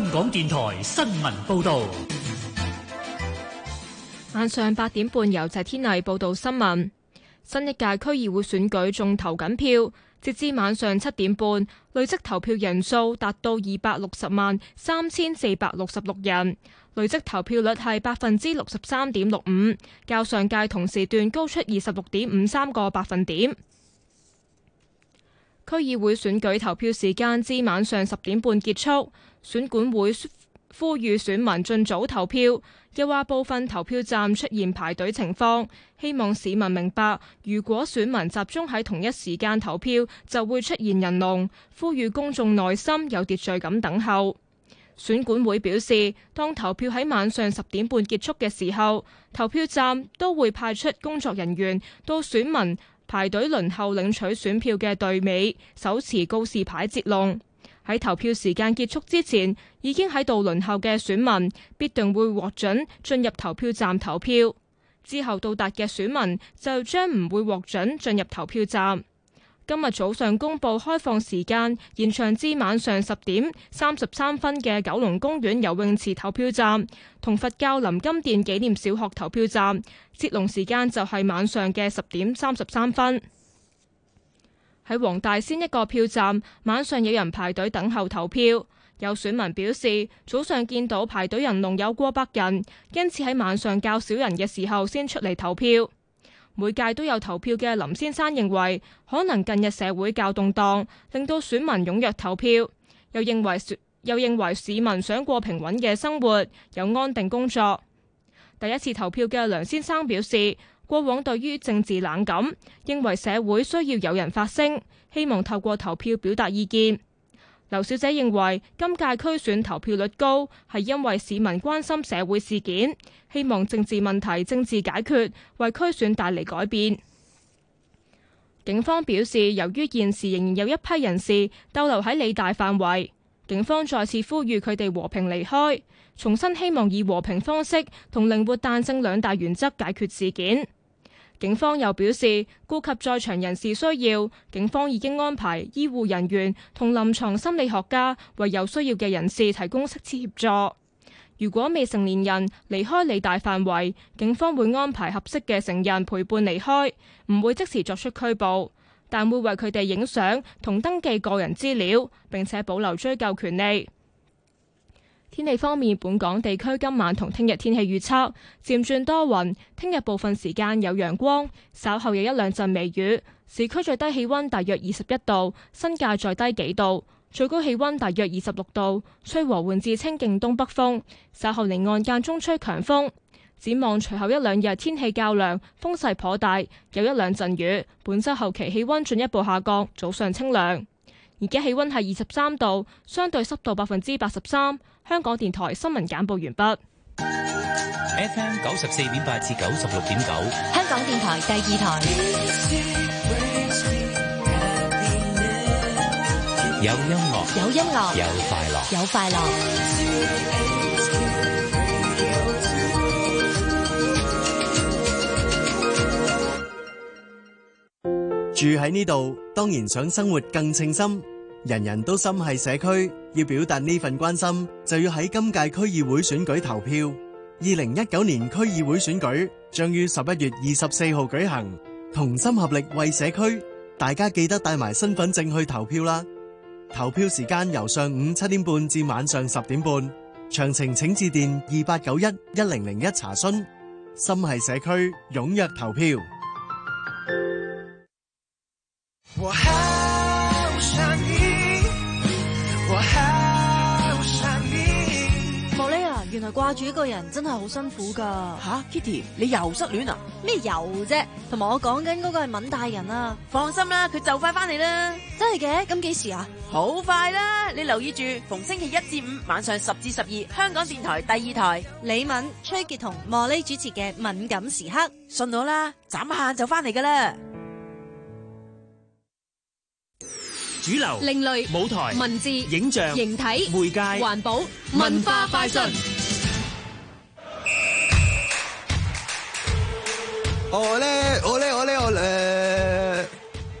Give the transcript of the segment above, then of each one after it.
香港電台新聞報道，晚上八點半由謝天麗報道新聞。新一屆區議會選舉仲投緊票，截至晚上七點半，累積投票人數達到二百六十萬三千四百六十六人，累積投票率係百分之六十三點六五，較上屆同時段高出二十六點五三個百分點。區議會選舉投票時間至晚上十點半結束，選管會呼籲選民盡早投票，又話部分投票站出現排隊情況，希望市民明白，如果選民集中喺同一時間投票，就會出現人龍。呼籲公眾耐心有秩序咁等候。選管會表示，當投票喺晚上十點半結束嘅時候，投票站都會派出工作人員到選民。排隊輪候領取選票嘅隊尾，手持告示牌截龍。喺投票時間結束之前已經喺度輪候嘅選民必定會獲准進入投票站投票，之後到達嘅選民就將唔會獲准進入投票站。今日早上公布開放時間，延長至晚上十點三十三分嘅九龍公園游泳池投票站，同佛教林金殿紀念小學投票站接龍時間就係晚上嘅十點三十三分。喺黃大仙一個票站，晚上有人排隊等候投票，有選民表示早上見到排隊人龍有過百人，因此喺晚上較少人嘅時候先出嚟投票。每屆都有投票嘅林先生認為，可能近日社會較動盪，令到選民踴躍投票。又認為，又認為市民想過平穩嘅生活，有安定工作。第一次投票嘅梁先生表示，過往對於政治冷感，認為社會需要有人發聲，希望透過投票表達意見。劉小姐認為今屆區選投票率高，係因為市民關心社會事件，希望政治問題政治解決，為區選帶嚟改變。警方表示，由於現時仍然有一批人士逗留喺理大範圍，警方再次呼籲佢哋和平離開，重新希望以和平方式同靈活彈性兩大原則解決事件。警方又表示，顧及在場人士需要，警方已經安排醫護人員同臨床心理學家為有需要嘅人士提供適切協助。如果未成年人離開理大範圍，警方會安排合適嘅成人陪伴離開，唔會即時作出拘捕，但會為佢哋影相同登記個人資料，並且保留追究權利。天氣方面，本港地區今晚同聽日天氣預測漸轉多雲，聽日部分時間有陽光，稍後有一兩陣微雨。市區最低氣溫大約二十一度，新界再低幾度，最高氣溫大約二十六度，吹和緩至清勁東北風，稍後離岸間中吹強風。展望隨後一兩日天氣較涼，風勢頗大，有一兩陣雨。本周後期氣溫進一步下降，早上清涼。而家氣溫係二十三度，相對濕度百分之八十三。香港電台新聞簡報完畢。FM 九十四點八至九十六點九，香港電台第二台。有, 有音樂，有音樂，有快樂 DC, MC,，有快樂。 住喺呢度，當然想生活更稱心。人人都心繫社區，要表達呢份關心，就要喺今屆區議會選舉投票。二零一九年區議會選舉將於十一月二十四號舉行，同心合力為社區，大家記得帶埋身份證去投票啦。投票時間由上午七點半至晚上十點半，詳情請致電二八九一一零零一查詢。心繫社區，踴躍投票。掛住一個人真係好辛苦噶吓，Kitty 你又失戀啊？咩又啫？同埋我講緊嗰個係敏大人啊！放心啦，佢就快翻嚟啦！真係嘅，咁幾時啊？好快啦！你留意住，逢星期一至五晚上十至十二，香港電台第二台李敏、崔杰同莫莉主持嘅《敏感時刻》。信我啦，眨下就翻嚟噶啦！主流、另類、舞台、文字、影像、形體、媒介、環保、文化快訊。我咧，我咧，我咧，我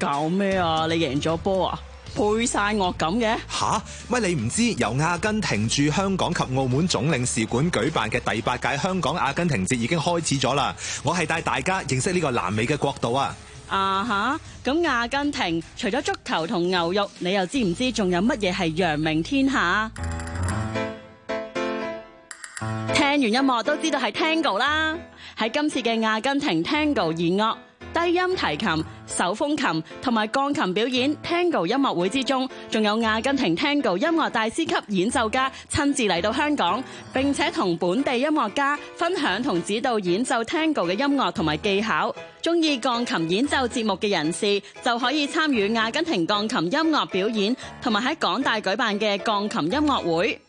誒，搞咩啊？你贏咗波啊？配晒我噉嘅吓乜？你唔知由阿根廷駐香港及澳門總領事館舉辦嘅第八屆香港阿根廷節已經開始咗啦？我係帶大家認識呢個南美嘅國度啊！啊吓咁，阿根廷除咗足球同牛肉，你又知唔知仲有乜嘢係揚名天下？原音樂都知道係 tango 啦，喺今次嘅阿根廷 tango 演樂低音提琴、手風琴同埋鋼琴表演 tango 音樂會之中，仲有阿根廷 tango 音樂大師級演奏家親自嚟到香港，並且同本地音樂家分享同指導演奏 tango 嘅音樂同埋技巧。鍾意鋼琴演奏節目嘅人士就可以參與阿根廷鋼琴音樂表演，同埋喺港大舉辦嘅鋼琴音樂會。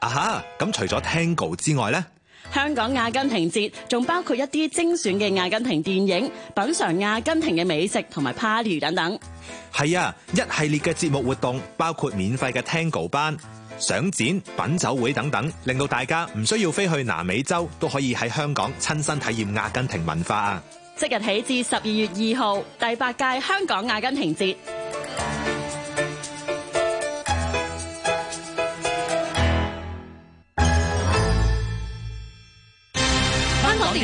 啊哈！咁除咗 tango 之外呢？香港阿根廷節仲包括一啲精選嘅阿根廷電影、品嘗阿根廷嘅美食同埋 party 等等。係啊，一系列嘅節目活動包括免費嘅 tango 班、賞展、品酒會等等，令到大家唔需要飛去南美洲，都可以喺香港親身體驗阿根廷文化啊！即日起至十二月二號，第八屆香港阿根廷節。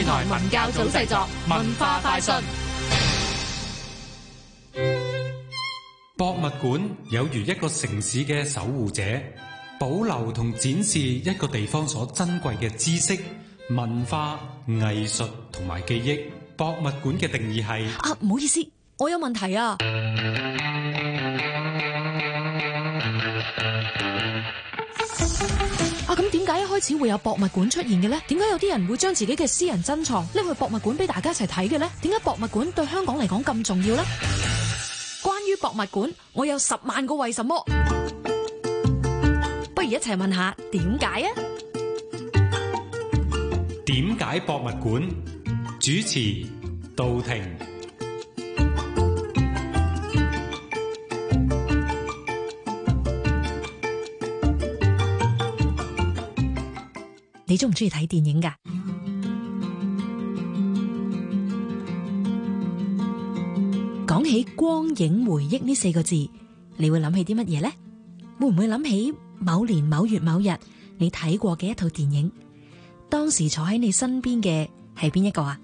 台文教組製作文化快訊。博物館有如一個城市嘅守護者，保留同展示一個地方所珍貴嘅知識、文化、藝術同埋記憶。博物館嘅定義係啊，唔好意思，我有問題啊。開始會有博物館出現嘅咧？點解有啲人會將自己嘅私人珍藏拎去博物館俾大家一齊睇嘅咧？點解博物館對香港嚟講咁重要咧？關於博物館，我有十萬個為什麼，不如一齊問一下點解啊？點解博物館？主持杜婷。你中唔中意睇電影噶？講起光影回憶呢四個字，你會諗起啲乜嘢呢？會唔會諗起某年某月某日你睇過嘅一套電影？當時坐喺你身邊嘅係邊一個啊？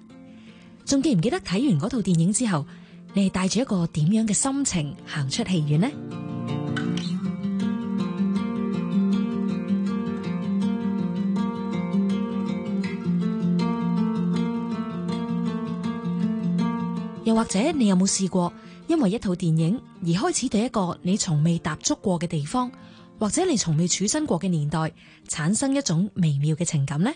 仲記唔記得睇完嗰套電影之後，你係帶住一個點樣嘅心情行出戲院呢？或者你有冇試過，因為一套電影而開始對一個你從未踏足過嘅地方，或者你從未處身過嘅年代，產生一種微妙嘅情感呢？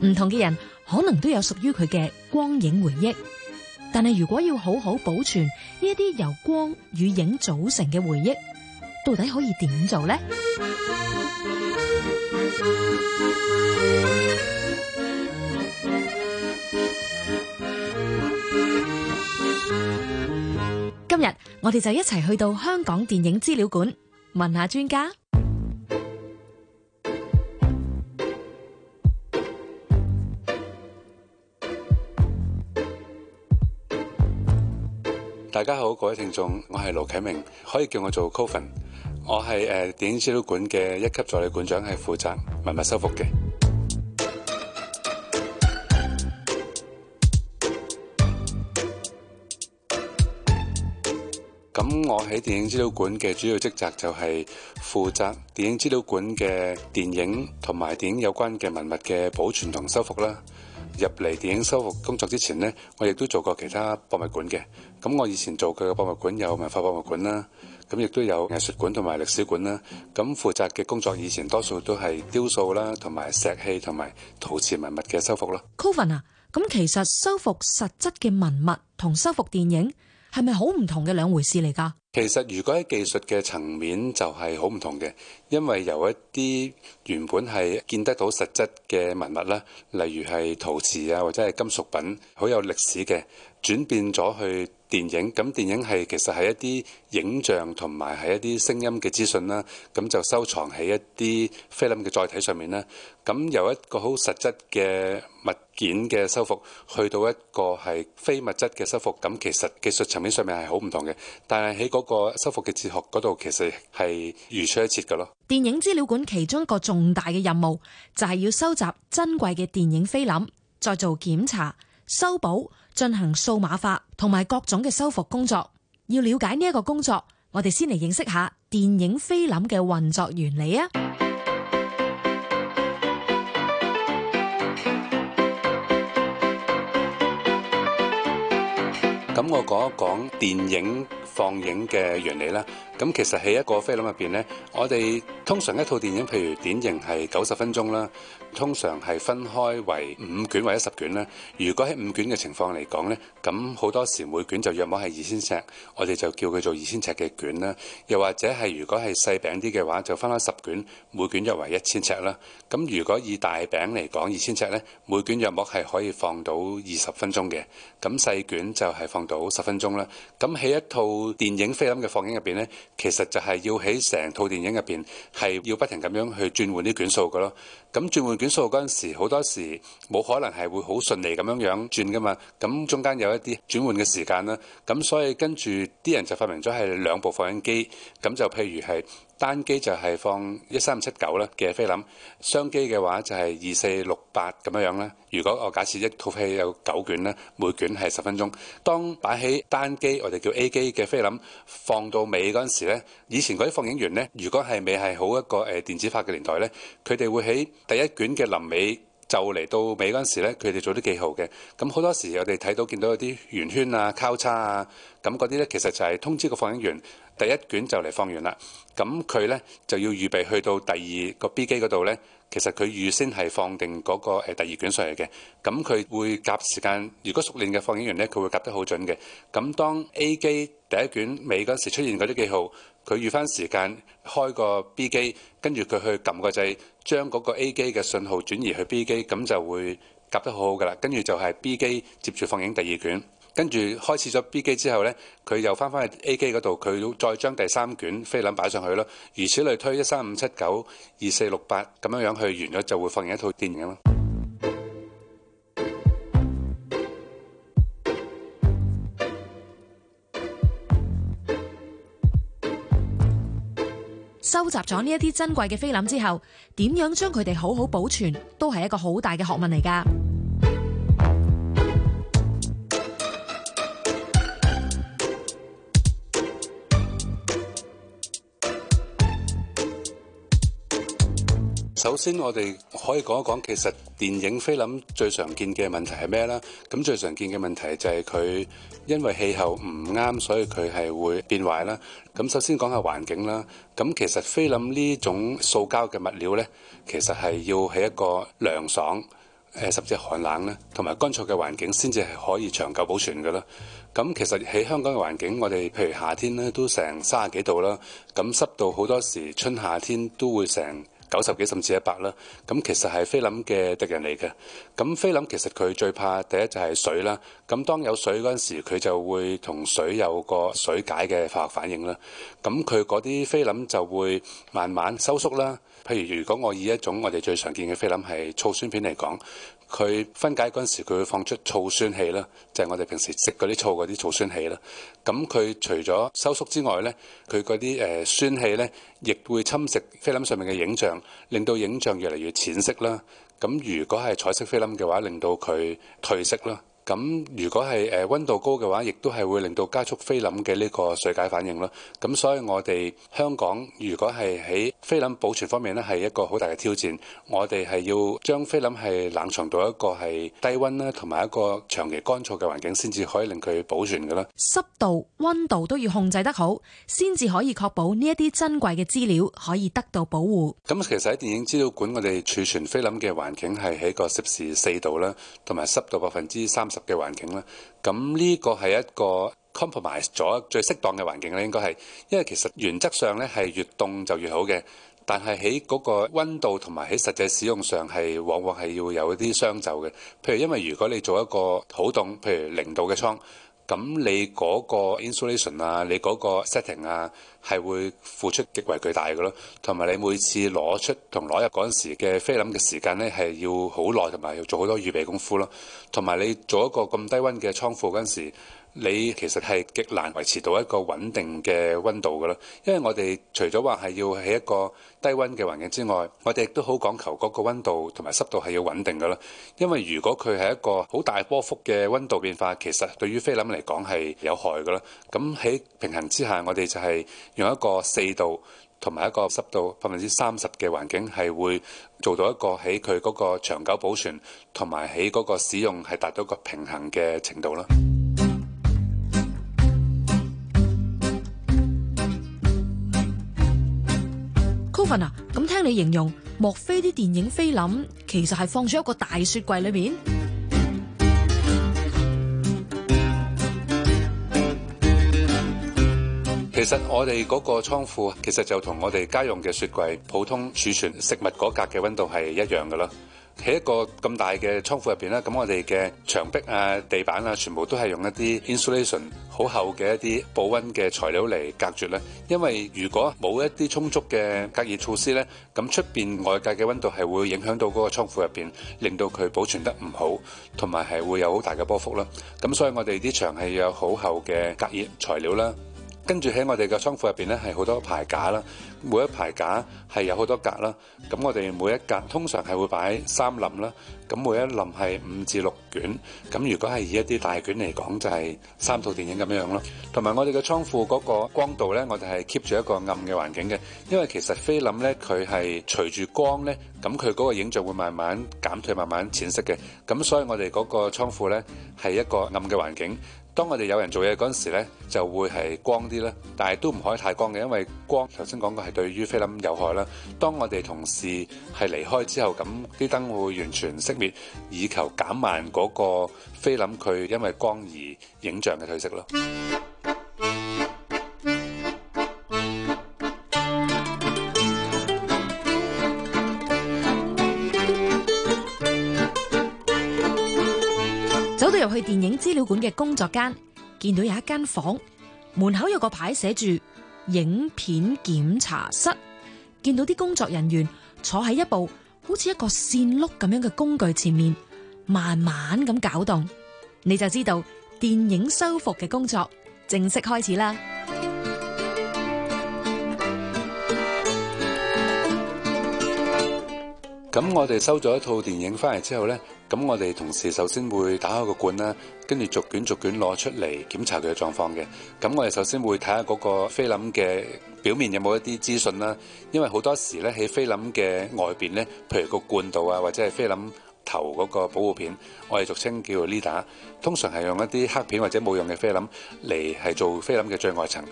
唔 同嘅人可能都有屬於佢嘅光影回憶。但係如果要好好保存呢一啲由光與影組成嘅回憶，到底可以點做呢？今日我哋就一齊去到香港電影資料館，問下專家。大家好，各位聽眾，我係盧啟明，可以叫我做 Coven。我係誒電影資料館嘅一級助理館長，係負責文物修復嘅。咁我喺電影資料館嘅主要職責就係負責電影資料館嘅電影同埋電影有關嘅文物嘅保存同修復啦。入嚟電影修復工作之前呢，我亦都做過其他博物館嘅。咁我以前做佢嘅博物館有文化博物館啦，咁亦都有藝術館同埋歷史館啦。咁負責嘅工作以前多數都係雕塑啦，同埋石器同埋陶瓷文物嘅修復啦。Coven 啊，咁其實修復實質嘅文物同修復電影，係咪好唔同嘅兩回事嚟㗎？其實如果喺技術嘅層面就係好唔同嘅，因為有一啲原本係見得到實質嘅文物啦，例如係陶瓷啊，或者係金屬品，好有歷史嘅。.轉變咗去電影，咁電影係其實係一啲影像同埋係一啲聲音嘅資訊啦，咁就收藏喺一啲菲林嘅載體上面啦。咁由一個好實質嘅物件嘅修復，去到一個係非物質嘅修復，咁其實技術層面上面係好唔同嘅，但係喺嗰個修復嘅哲學嗰度，其實係如出一轍噶咯。電影資料館其中一個重大嘅任務就係要收集珍貴嘅電影菲林，再做檢查、修補。進行數碼化同埋各種嘅修復工作，要了解呢一個工作，我哋先嚟認識下電影菲林嘅運作原理啊！咁我講一講電影放映嘅原理啦。咁其實喺一個菲林入邊呢，我哋通常一套電影，譬如典型係九十分鐘啦，通常係分開為五卷或者十卷啦。如果喺五卷嘅情況嚟講呢，咁好多時每卷就約莫係二千尺，我哋就叫佢做二千尺嘅卷啦。又或者係如果係細餅啲嘅話，就分開十卷，每卷約為一千尺啦。咁如果以大餅嚟講，二千尺呢，每卷約莫係可以放到二十分鐘嘅。咁細卷就係放到十分鐘啦。咁喺一套電影菲林嘅放映入邊呢。其實就係要喺成套電影入邊，係要不停咁樣去轉換啲卷數噶咯。咁轉換卷數嗰陣時，好多時冇可能係會好順利咁樣樣轉噶嘛。咁中間有一啲轉換嘅時間啦。咁所以跟住啲人就發明咗係兩部放映機。咁就譬如係單機就係放一三五七九啦嘅菲林，雙機嘅話就係二四六八咁樣樣啦。如果我假設一套戲有九卷呢，每卷係十分鐘。當擺起單機，我哋叫 A 機嘅菲林放到尾嗰陣時咧，以前嗰啲放映員咧，如果係未係好一個誒電子化嘅年代咧，佢哋會喺第一卷嘅臨尾就嚟到尾嗰陣時咧，佢哋做得幾好嘅。咁好多時我哋睇到見到有啲圓圈啊、交叉啊，咁嗰啲咧其實就係通知個放映員。第一卷就嚟放完啦，咁佢呢，就要預備去到第二個 B 機嗰度呢。其實佢預先係放定嗰個第二卷上嚟嘅，咁佢會夾時間。如果熟練嘅放映員呢，佢會夾得好準嘅。咁當 A 機第一卷尾嗰時出現嗰啲記號，佢預返時間開個 B 機，跟住佢去撳個掣，將嗰個 A 機嘅信號轉移去 B 機，咁就會夾得好好㗎啦。跟住就係 B 機接住放映第二卷。跟住開始咗 B 機之後呢，佢又翻翻去 A 機嗰度，佢再將第三卷菲林擺上去咯。如此類推，一三五七九、二四六八咁樣樣去完咗就會放映一套電影啦。收集咗呢一啲珍貴嘅菲林之後，點樣將佢哋好好保存，都係一個好大嘅學問嚟㗎。首先，我哋可以講一講，其實電影菲林最常見嘅問題係咩咧？咁最常見嘅問題就係佢因為氣候唔啱，所以佢係會變壞啦。咁首先講下環境啦。咁其實菲林呢種塑膠嘅物料咧，其實係要喺一個涼爽誒，甚至寒冷咧，同埋乾燥嘅環境，先至係可以長久保存噶啦。咁其實喺香港嘅環境，我哋譬如夏天咧都成三十幾度啦，咁濕度好多時春夏天都會成。九十幾甚至一百啦，咁其實係菲林嘅敵人嚟嘅。咁菲林其實佢最怕第一就係水啦。咁當有水嗰陣時，佢就會同水有個水解嘅化學反應啦。咁佢嗰啲菲林就會慢慢收縮啦。譬如如果我以一種我哋最常見嘅菲林係醋酸片嚟講。佢分解嗰陣時，佢會放出醋酸氣啦，就係我哋平時食嗰啲醋嗰啲醋酸氣啦。咁佢除咗收縮之外呢，佢嗰啲誒酸氣呢，亦會侵蝕菲林上面嘅影像，令到影像越嚟越淺色啦。咁如果係彩色菲林嘅話，令到佢褪色啦。咁如果係誒溫度高嘅話，亦都係會令到加速菲林嘅呢個水解反應咯。咁所以我哋香港如果係喺菲林保存方面咧，係一個好大嘅挑戰。我哋係要將菲林係冷藏到一個係低溫啦，同埋一個長期乾燥嘅環境，先至可以令佢保存嘅啦。濕度、溫度都要控制得好，先至可以確保呢一啲珍貴嘅資料可以得到保護。咁其實喺電影資料館，我哋儲存菲林嘅環境係喺個攝氏四度啦，同埋濕度百分之三十。嘅環境啦，咁呢個係一個 compromise 咗最適當嘅環境咧，應該係，因為其實原則上咧係越凍就越好嘅，但係喺嗰個温度同埋喺實際使用上係往往係要有啲相就嘅，譬如因為如果你做一個好凍，譬如零度嘅倉。咁你嗰個 insulation 啊，你嗰個 setting 啊，係會付出極為巨大嘅咯，同埋你每次攞出同攞入嗰陣時嘅菲林嘅時間呢，係要好耐，同埋要做好多預備功夫咯，同埋你做一個咁低温嘅倉庫嗰陣時。你其實係極難維持到一個穩定嘅溫度噶啦，因為我哋除咗話係要喺一個低溫嘅環境之外，我哋亦都好講求嗰個溫度同埋濕度係要穩定噶啦。因為如果佢係一個好大波幅嘅溫度變化，其實對於菲林嚟講係有害噶啦。咁喺平衡之下，我哋就係用一個四度同埋一個濕度百分之三十嘅環境，係會做到一個喺佢嗰個長久保存同埋喺嗰個使用係達到個平衡嘅程度囉。咁聽你形容，莫非啲電影菲林其實係放咗一個大雪櫃裏面？其實我哋嗰個倉庫，其實就同我哋家用嘅雪櫃，普通儲存食物嗰格嘅温度係一樣㗎啦。喺一個咁大嘅倉庫入邊咧，咁我哋嘅牆壁啊、地板啊，全部都係用一啲 insulation 好厚嘅一啲保溫嘅材料嚟隔絕咧。因為如果冇一啲充足嘅隔熱措施咧，咁出邊外界嘅溫度係會影響到嗰個倉庫入邊，令到佢保存得唔好，同埋係會有好大嘅波幅啦。咁所以我哋啲牆係有好厚嘅隔熱材料啦。跟住喺我哋嘅倉庫入邊呢，係好多排架啦，每一排架係有好多格啦。咁我哋每一格通常係會擺三林啦。咁每一林係五至六卷。咁如果係以一啲大卷嚟講，就係三套電影咁樣樣咯。同埋我哋嘅倉庫嗰個光度呢，我哋係 keep 住一個暗嘅環境嘅，因為其實菲林呢，佢係隨住光呢，咁佢嗰個影像會慢慢減退、慢慢淺色嘅。咁所以我哋嗰個倉庫呢，係一個暗嘅環境。當我哋有人做嘢嗰陣時呢，就會係光啲啦，但係都唔可以太光嘅，因為光頭先講過係對於菲林有害啦。當我哋同事係離開之後，咁啲燈會完全熄滅，以求減慢嗰個菲林佢因為光而影像嘅褪色咯。資料館嘅工作間，見到有一間房，門口有個牌，寫住，影片檢查室，見到啲工作人員坐喺一部好似一個線碌噉樣嘅工具前面，慢慢噉攪動，你就知道，電影修復的工作正式開始啦。咁我哋收咗一套電影返嚟之後呢, ta 咁我哋同事首先會打開個罐啦，跟住逐卷逐卷攞出嚟檢查佢嘅狀況嘅。咁我哋首先會睇下嗰個菲林嘅表面有冇一啲資訊啦。因為好多時咧喺菲林嘅外邊咧，譬如個罐度啊，或者係菲林頭嗰個保護片，我哋俗稱叫做 Leader，er，通常係用一啲黑片或者冇用嘅菲林嚟係做菲林嘅最外層。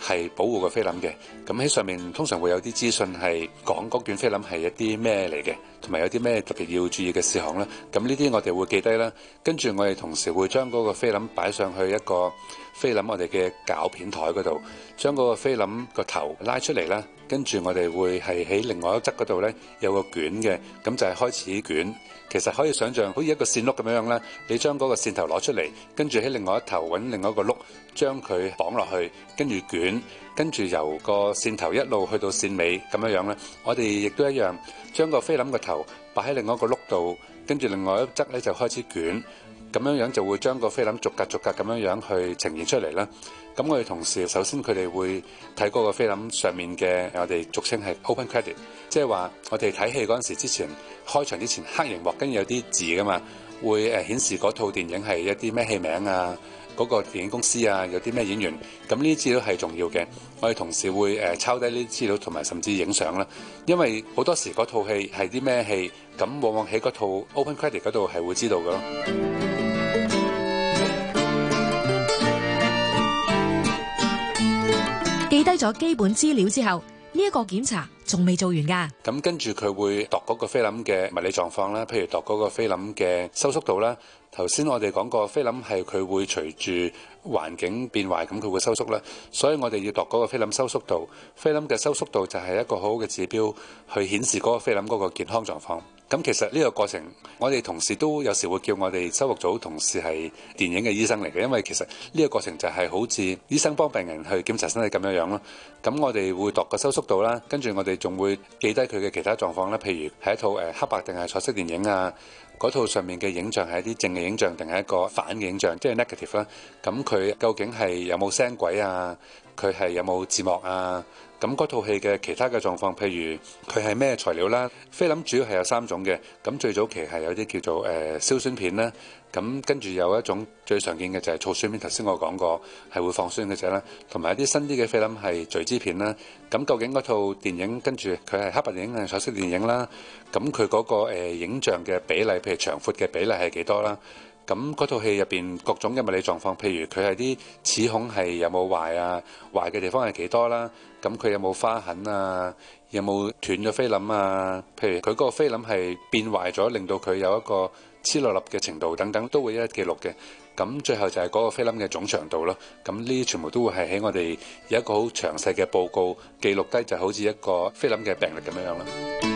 係保護個菲林嘅，咁喺上面通常會有啲資訊係講嗰卷菲林係一啲咩嚟嘅，同埋有啲咩特別要注意嘅事項啦。咁呢啲我哋會記低啦，跟住我哋同時會將嗰個菲林擺上去一個菲林我哋嘅膠片台嗰度，將嗰個菲林個頭拉出嚟啦，跟住我哋會係喺另外一側嗰度呢，有個卷嘅，咁就係開始卷。其實可以想像，好似一個線碌咁樣樣咧，你將嗰個線頭攞出嚟，跟住喺另外一頭揾另外一個碌，將佢綁落去，跟住捲，跟住由個線頭一路去到線尾咁樣樣咧。我哋亦都一樣，將個菲林個頭擺喺另外一個碌度，跟住另外一側咧就開始捲，咁樣樣就會將個菲林逐格逐格咁樣樣去呈現出嚟啦。咁我哋同事首先佢哋會睇嗰個菲林上面嘅，我哋俗稱係 open credit，即係話我哋睇戲嗰陣時，之前開場之前黑螢幕跟住有啲字噶嘛，會誒顯示嗰套電影係一啲咩戲名啊，嗰個電影公司啊，有啲咩演員。咁呢啲資料係重要嘅。我哋同事會誒抄低呢啲資料同埋甚至影相啦，因為好多時嗰套戲係啲咩戲，咁往往喺嗰套 open credit 嗰度係會知道噶咯。低咗基本資料之後，呢、這、一個檢查，仲未做完噶，咁跟住佢會度嗰個菲林嘅物理狀況啦，譬如度嗰個菲林嘅收縮度啦。頭先我哋講過菲林係佢會隨住環境變壞，咁佢會收縮啦，所以我哋要度嗰個菲林收縮度。菲林嘅收縮度就係一個好好嘅指標，去顯示嗰個菲林嗰個健康狀況。咁其實呢個過程，我哋同事都有時會叫我哋修復組同事係電影嘅醫生嚟嘅，因為其實呢個過程就係好似醫生幫病人去檢查身體咁樣樣咯。咁我哋會度個收縮度啦，跟住我哋。仲會記低佢嘅其他狀況咧，譬如係一套誒黑白定係彩色電影啊？嗰套上面嘅影像係一啲正嘅影像定係一個反嘅影像，即係 negative 啦。咁佢究竟係有冇聲軌啊？佢係有冇字幕啊？咁嗰套戲嘅其他嘅狀況，譬如佢係咩材料啦？菲林主要係有三種嘅，咁最早期係有啲叫做誒、呃、硝酸片啦，咁跟住有一種最常見嘅就係醋酸片，頭先我講過係會放酸嘅者啦，同埋一啲新啲嘅菲林係聚酯片啦。咁究竟嗰套電影跟住佢係黑白電影定彩色電影啦？咁佢嗰個、呃、影像嘅比例，譬如長闊嘅比例係幾多啦？咁嗰套戲入邊各種嘅物理狀況，譬如佢係啲齒孔係有冇壞啊，壞嘅地方係幾多啦？咁佢有冇花痕啊？有冇斷咗菲林啊？譬如佢嗰個菲林係變壞咗，令到佢有一個黐落笠嘅程度等等，都會一一記錄嘅。咁最後就係嗰個菲林嘅總長度咯。咁呢啲全部都會係喺我哋有一個好詳細嘅報告記錄低，就好似一個菲林嘅病歷咁樣樣啦。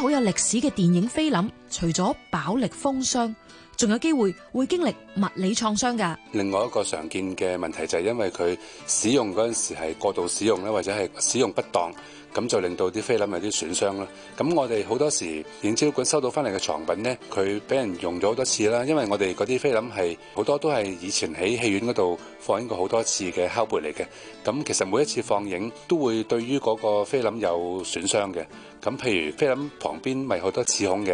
好有歷史嘅電影菲林，除咗飽力風霜，仲有機會會經歷物理創傷㗎。另外一個常見嘅問題就係因為佢使用嗰陣時係過度使用咧，或者係使用不當。咁就令到啲菲林有啲損傷啦。咁我哋好多時影照館收到返嚟嘅藏品呢，佢俾人用咗好多次啦。因為我哋嗰啲菲林係好多都係以前喺戲院嗰度放映過好多次嘅拷貝嚟嘅。咁其實每一次放映都會對於嗰個菲林有損傷嘅。咁譬如菲林旁邊咪好多齒孔嘅，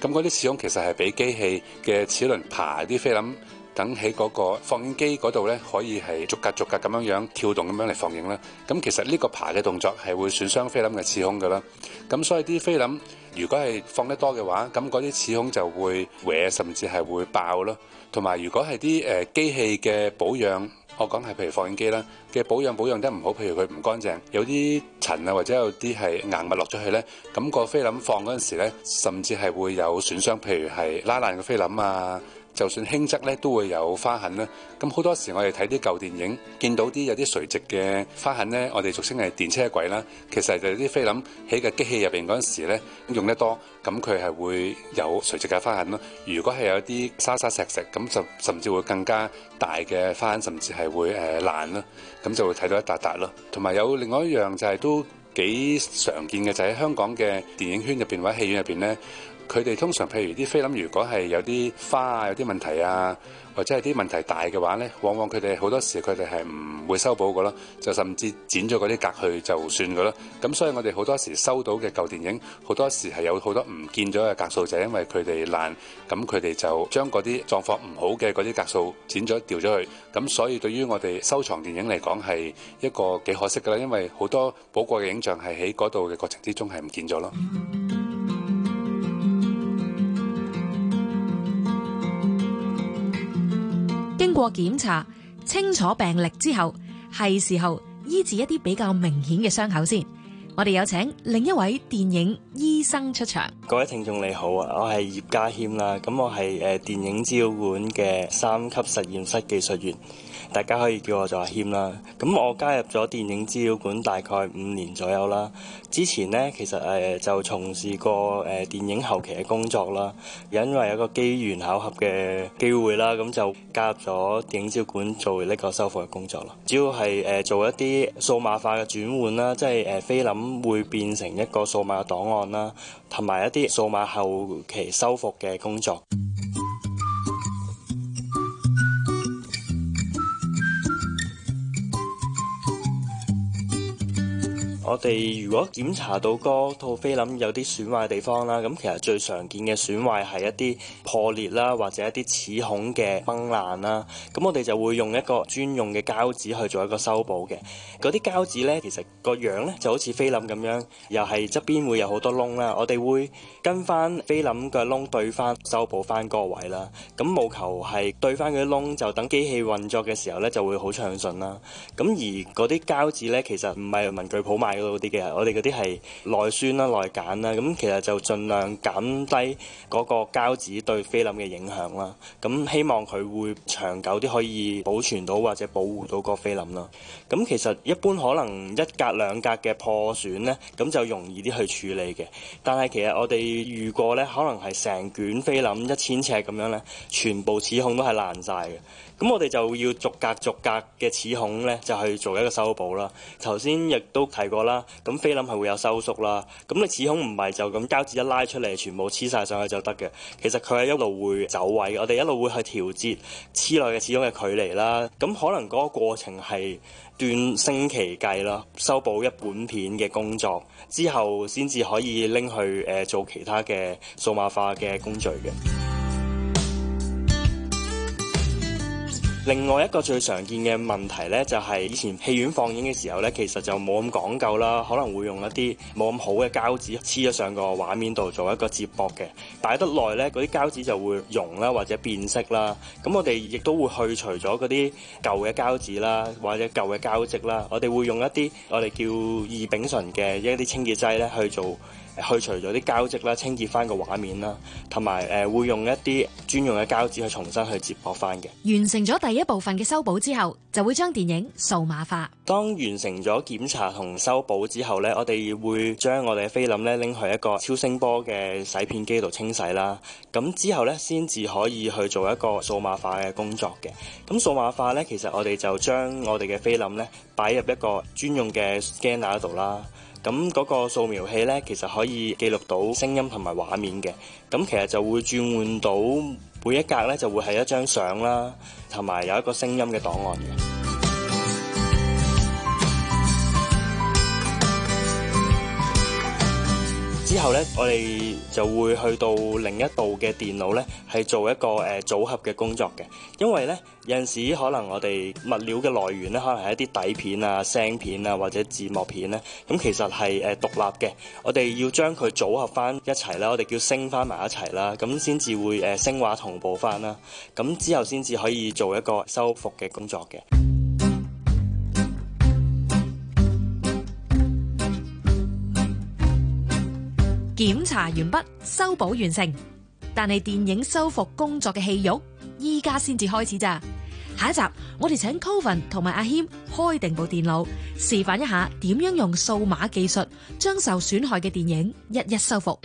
咁嗰啲齒孔其實係俾機器嘅齒輪爬啲菲林。等喺嗰個放映機嗰度咧，可以係逐格逐格咁樣樣跳動咁樣嚟放映啦。咁其實呢個爬嘅動作係會損傷菲林嘅齒孔㗎啦。咁所以啲菲林如果係放得多嘅話，咁嗰啲齒孔就會歪，甚至係會爆咯。同埋如果係啲誒機器嘅保養，我講係譬如放映機啦嘅保養，保養得唔好，譬如佢唔乾淨，有啲塵啊或者有啲係硬物落咗去咧，咁個菲林放嗰陣時咧，甚至係會有損傷，譬如係拉爛個菲林啊。就算輕則咧，都會有花痕啦。咁好多時我哋睇啲舊電影，見到啲有啲垂直嘅花痕咧，我哋俗稱係電車軌啦。其實就啲菲林，喺個機器入邊嗰陣時咧用得多，咁佢係會有垂直嘅花痕咯。如果係有啲沙沙石石石，咁就甚至會更加大嘅花痕，甚至係會誒爛咯。咁就會睇到一笪笪咯。同埋有另外一樣就係都幾常見嘅，就喺香港嘅電影圈入邊或者戲院入邊呢。佢哋通常，譬如啲菲林，如果係有啲花啊、有啲問題啊，或者係啲問題大嘅話咧，往往佢哋好多時佢哋係唔會修補㗎啦，就甚至剪咗嗰啲格去就算㗎啦。咁所以我哋好多時收到嘅舊電影，好多時係有好多唔見咗嘅格數，就係因為佢哋爛，咁佢哋就將嗰啲狀況唔好嘅嗰啲格數剪咗掉咗去。咁所以對於我哋收藏電影嚟講係一個幾可惜㗎啦，因為好多寶貴嘅影像係喺嗰度嘅過程之中係唔見咗咯。過檢查，清楚病歷之後，係時候醫治一啲比較明顯嘅傷口先。我哋有請另一位電影醫生出場。各位聽眾你好啊，我係葉家謙啦，咁我係誒電影照館嘅三級實驗室技術員。大家可以叫我做阿謙啦。咁我加入咗電影資料館大概五年左右啦。之前呢，其實誒、呃、就從事過誒、呃、電影後期嘅工作啦。因為有個機緣巧合嘅機會啦，咁就加入咗電影資料館做呢個修復嘅工作啦。主要係誒、呃、做一啲數碼化嘅轉換啦，即係誒、呃、菲林會變成一個數碼嘅檔案啦，同埋一啲數碼後期修復嘅工作。 我哋如果檢查到嗰個套菲林有啲損壞地方啦，咁其實最常見嘅損壞係一啲破裂啦，或者一啲齒孔嘅崩爛啦，咁我哋就會用一個專用嘅膠紙去做一個修補嘅。嗰啲膠紙呢，其實個樣呢就好似菲林咁樣，又係側邊會有好多窿啦。我哋會跟翻菲林嘅窿對翻修補翻嗰個位啦。咁務求係對翻嗰啲窿，就等機器運作嘅時候呢就會好暢順啦。咁而嗰啲膠紙呢，其實唔係文具鋪賣。嗰啲嘅，我哋嗰啲係耐酸啦、耐鹼啦，咁其實就盡量減低嗰個膠紙對菲林嘅影響啦。咁希望佢會長久啲，可以保存到或者保護到個菲林啦。咁其實一般可能一格兩格嘅破損呢，咁就容易啲去處理嘅。但係其實我哋遇過呢，可能係成卷菲林一千尺咁樣呢，全部齒孔都係爛晒嘅。咁我哋就要逐格逐格嘅齒孔呢，就去做一個修補啦。頭先亦都提過啦，咁菲林係會有收縮啦。咁你齒孔唔係就咁膠紙一拉出嚟，全部黐晒上去就得嘅。其實佢係一路會走位，我哋一路會去調節黐耐嘅齒孔嘅距離啦。咁可能嗰個過程係斷星期計咯。修補一本片嘅工作之後，先至可以拎去誒做其他嘅數碼化嘅工序嘅。另外一個最常見嘅問題呢，就係以前戲院放映嘅時候呢，其實就冇咁講究啦，可能會用一啲冇咁好嘅膠紙黐咗上個畫面度做一個接駁嘅，擺得耐呢，嗰啲膠紙就會溶啦，或者變色啦。咁我哋亦都會去除咗嗰啲舊嘅膠紙啦，或者舊嘅膠質啦，我哋會用一啲我哋叫異丙醇嘅一啲清潔劑呢去做。去除咗啲膠跡啦，清潔翻個畫面啦，同埋誒會用一啲專用嘅膠紙去重新去接駁翻嘅。完成咗第一部分嘅修補之後，就會將電影數碼化。當完成咗檢查同修補之後呢，我哋會將我哋嘅菲林呢拎去一個超聲波嘅洗片機度清洗啦。咁之後呢，先至可以去做一個數碼化嘅工作嘅。咁數碼化呢，其實我哋就將我哋嘅菲林呢擺入一個專用嘅 scanner 度啦。咁嗰個掃描器呢，其實可以記錄到聲音同埋畫面嘅，咁其實就會轉換到每一格呢，就會係一張相啦，同埋有一個聲音嘅檔案嘅。之後呢，我哋就會去到另一度嘅電腦呢，係做一個誒、呃、組合嘅工作嘅。因為呢，有陣時可能我哋物料嘅來源呢，可能係一啲底片啊、聲片啊或者字幕片呢、啊。咁、嗯、其實係誒、呃、獨立嘅。我哋要將佢組合翻一齊啦，我哋叫升翻埋一齊啦，咁先至會誒聲畫同步翻啦。咁之後先至可以做一個修復嘅工作嘅。檢查完畢，修補完成，但係電影修復工作嘅戲肉依家先至開始咋。下一集我哋請 Covent 同埋阿謙開定部電腦示範一下，點樣用數碼技術將受損害嘅電影一一修復。